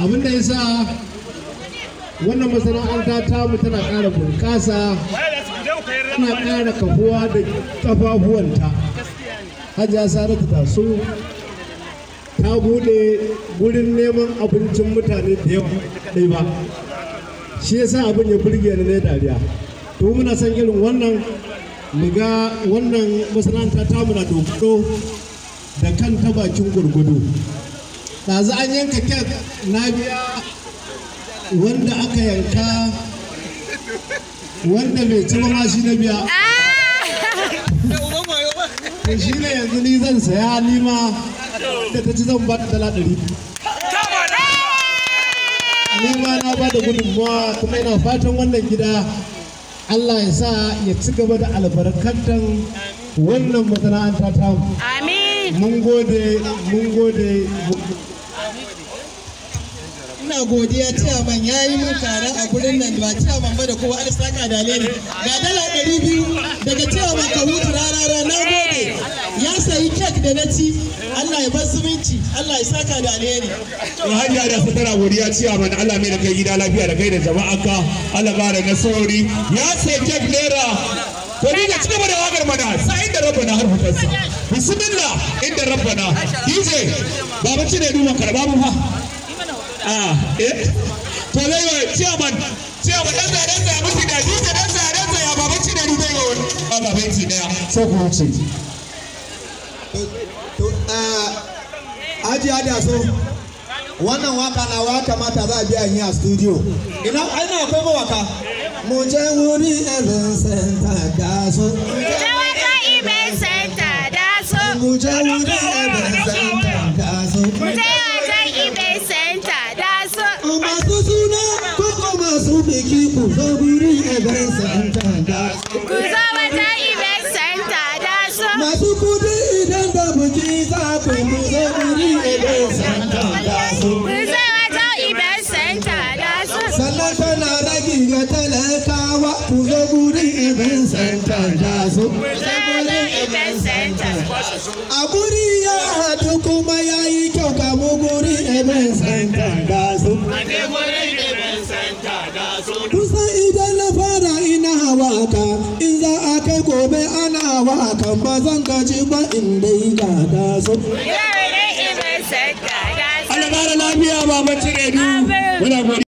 abinda ya sa wannan masana'anta tamu tana ƙara bunƙasa tana ƙara kafuwa da ƙafafuwanta hajiya saratu taso ta bude gurin neman abincin mutane da yawa ɗai ba shi yasa abin ya burge ni ne dariya to muna son irin wannan ga wannan masana'anta ta na dogaro da kan ta bakin gurgudu ɗazu an yanka kek na biya wanda aka yanka wanda bai ci ma shi na biya ah! to shi ne yanzu ni zan saya nima da ta ci zan ba ta dala ɗari nima na ba da gudunmuwa kuma yana fatan wannan gida Allah ya sa ya ci gaba da albarkantar wannan masana'anta ta amin mun gode mun gode ina godiya ciyaman ya yi mun tare a gurin nan ba ciyaman ba da kowa an saka da leri ga dala ɗari biyu daga ciyaman ka hutu rarara na gode ya sayi kek da na ci Allah ya bar zumunci Allah ya saka da alheri to hajiya da fitara godiya ciyaman Allah mai da kai gida lafiya da kai da jama'a ka Allah ba da nasarori ya sayi kek naira to ni da cigaba da wagar mana sai inda rabbana har hutarsa bismillah inda rabbana DJ babanci ne duban karba mu fa a ah, eh to zai yi ciyaman ciyaman dan zaren zaya musu da dutse dan zaren zaya baban ci da rubai ga wani baban ci daya sai ku wuce ah, aji wannan waka na waka za a biya yi a studio ina aina akwai waka? mu je wuri elin senta da so mu je wuri ibn senta da so mu je wuri Teresa Kumbuzo Guri Ebe Santa Daso. ragi ga talakawa Kumbuzo Guri A guri in za a kai gobe ana wa akan ba zan gaji ba in dai gada so Allah ba lafiya baban cire biyu